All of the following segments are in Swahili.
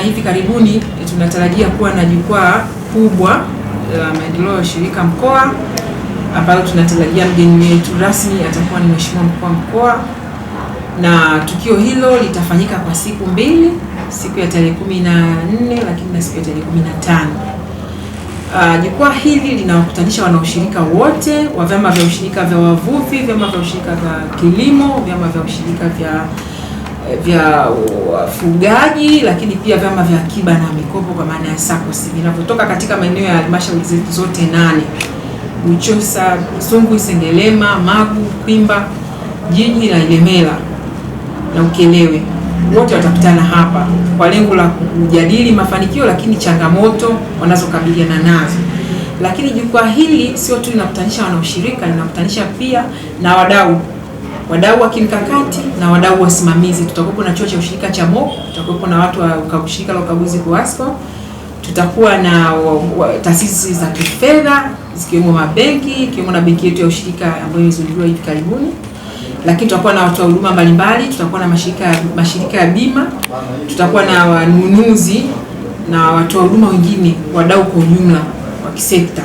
hivi karibuni eh, tunatarajia kuwa na jukwaa kubwa eh, la maendeleo ya ushirika mkoa ambalo tunatarajia mgeni wetu rasmi atakuwa ni Mheshimiwa Mkuu wa Mkoa, na tukio hilo litafanyika kwa siku mbili, siku ya tarehe kumi na nne lakini na siku ya tarehe kumi na tano. Uh, jukwaa hili linawakutanisha wanaushirika wote wa vyama vya ushirika vya wavuvi, vyama vya ushirika vya kilimo, vyama vya ushirika vya Eh, vya wafugaji lakini pia vyama vya akiba na mikopo kwa maana ya SACCOS vinavyotoka katika maeneo ya halmashauri zetu zote nane: Buchosa, Songwe, Sengerema, Magu, Kwimba, Jiji la Ilemela na ukelewe Wote watakutana hapa kwa lengo la kujadili mafanikio, lakini changamoto wanazokabiliana nazo. Lakini jukwaa hili sio tu linakutanisha wanaushirika, linakutanisha pia na wadau wadau wa kimkakati na wadau wasimamizi. Tutakuwa na chuo cha ushirika cha MOC, tutakuwa na watu wa ushirika la ukaguzi KUWASCO, tutakuwa na taasisi za kifedha zikiwemo mabenki, ikiwemo na benki yetu ya ushirika ambayo imezinduliwa hivi karibuni, lakini tutakuwa na watu wa huduma mbalimbali, tutakuwa na mashirika mashirika ya bima, tutakuwa na wanunuzi na watu wa huduma wengine, wadau kwa ujumla wa kisekta.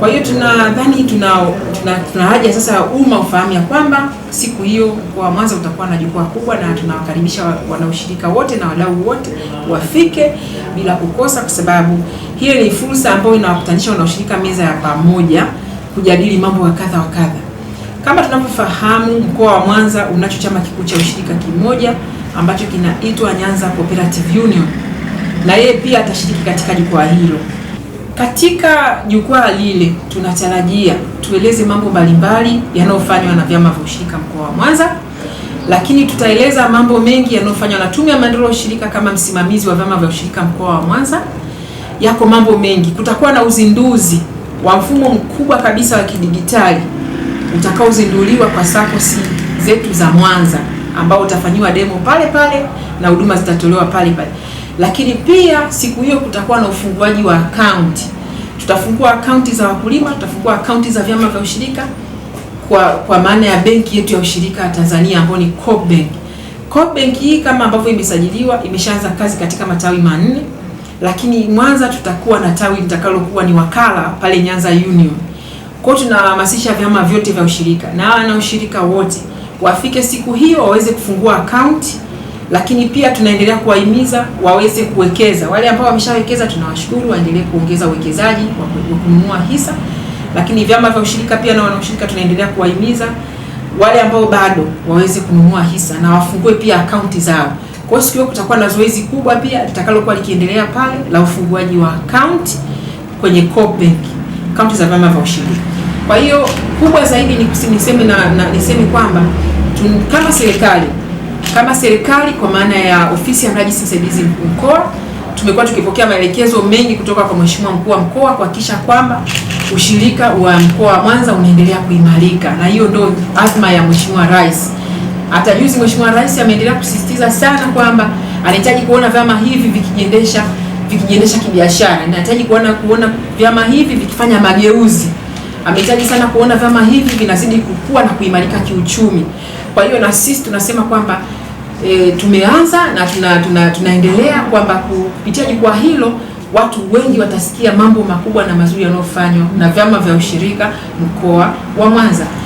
Kwa hiyo tunadhani tuna, tuna, tuna haja sasa umma ufahamu ya kwamba siku hiyo mkoa wa Mwanza utakuwa na jukwaa kubwa, na tunawakaribisha wanaushirika wote na wadau wote wafike bila kukosa, kwa sababu hiyo ni fursa ambayo inawakutanisha wanaoshirika meza ya pamoja kujadili mambo ya kadha wa kadha. Kama tunavyofahamu, mkoa wa Mwanza unacho chama kikuu cha ushirika kimoja ambacho kinaitwa Nyanza Cooperative Union, na yeye pia atashiriki katika jukwaa hilo. Katika jukwaa lile tunatarajia tueleze mambo mbalimbali yanayofanywa na vyama vya ushirika mkoa wa Mwanza, lakini tutaeleza mambo mengi yanayofanywa na Tume ya Maendeleo ya Ushirika kama msimamizi wa vyama vya ushirika mkoa wa Mwanza. Yako mambo mengi. Kutakuwa na uzinduzi wa mfumo mkubwa kabisa wa kidigitali utakaozinduliwa kwa SACCOS zetu za Mwanza ambao utafanyiwa demo pale pale na huduma zitatolewa pale pale, lakini pia siku hiyo kutakuwa na ufunguaji wa akaunti tutafungua akaunti za wakulima, tutafungua akaunti za vyama vya ushirika kwa kwa maana ya benki yetu ya ushirika ya Tanzania ambayo ni Coop Bank. Coop Bank hii kama ambavyo imesajiliwa imeshaanza kazi katika matawi manne, lakini Mwanza tutakuwa na tawi litakalokuwa ni wakala pale Nyanza Union. Kwa hiyo tunahamasisha vyama vyote vya ushirika na wana ushirika wote wafike siku hiyo waweze kufungua akaunti lakini pia tunaendelea kuwahimiza waweze kuwekeza. Wale ambao wameshawekeza tunawashukuru, waendelee kuongeza uwekezaji wa kununua hisa, lakini vyama vya ushirika pia na wanaushirika tunaendelea kuwahimiza wale ambao bado waweze kununua hisa na wafungue pia akaunti zao. Kwa hiyo siku hiyo kutakuwa na zoezi kubwa pia litakalokuwa likiendelea pale la ufunguaji wa akaunti kwenye co Bank, akaunti za vyama vya ushirika. Kwa hiyo kubwa zaidi ni niseme na, na niseme kwamba kama serikali kama serikali kwa maana ya ofisi ya mrajisi msaidizi mkuu mkoa, tumekuwa tukipokea maelekezo mengi kutoka kwa mheshimiwa mkuu wa mkoa kuhakikisha kwamba ushirika wa mkoa wa Mwanza unaendelea kuimarika, na hiyo ndio azma ya mheshimiwa rais. Hata juzi mheshimiwa rais ameendelea kusisitiza sana kwamba anahitaji kuona vyama hivi vikijiendesha vikijiendesha kibiashara, anahitaji kuona kuona vyama hivi vikifanya mageuzi, amehitaji sana kuona vyama hivi vinazidi kukua na kuimarika kiuchumi. Kwa hiyo na sisi tunasema kwamba e, tumeanza na tuna, tuna, tunaendelea kwamba kupitia jukwaa hilo watu wengi watasikia mambo makubwa na mazuri yanayofanywa na vyama vya ushirika mkoa wa Mwanza.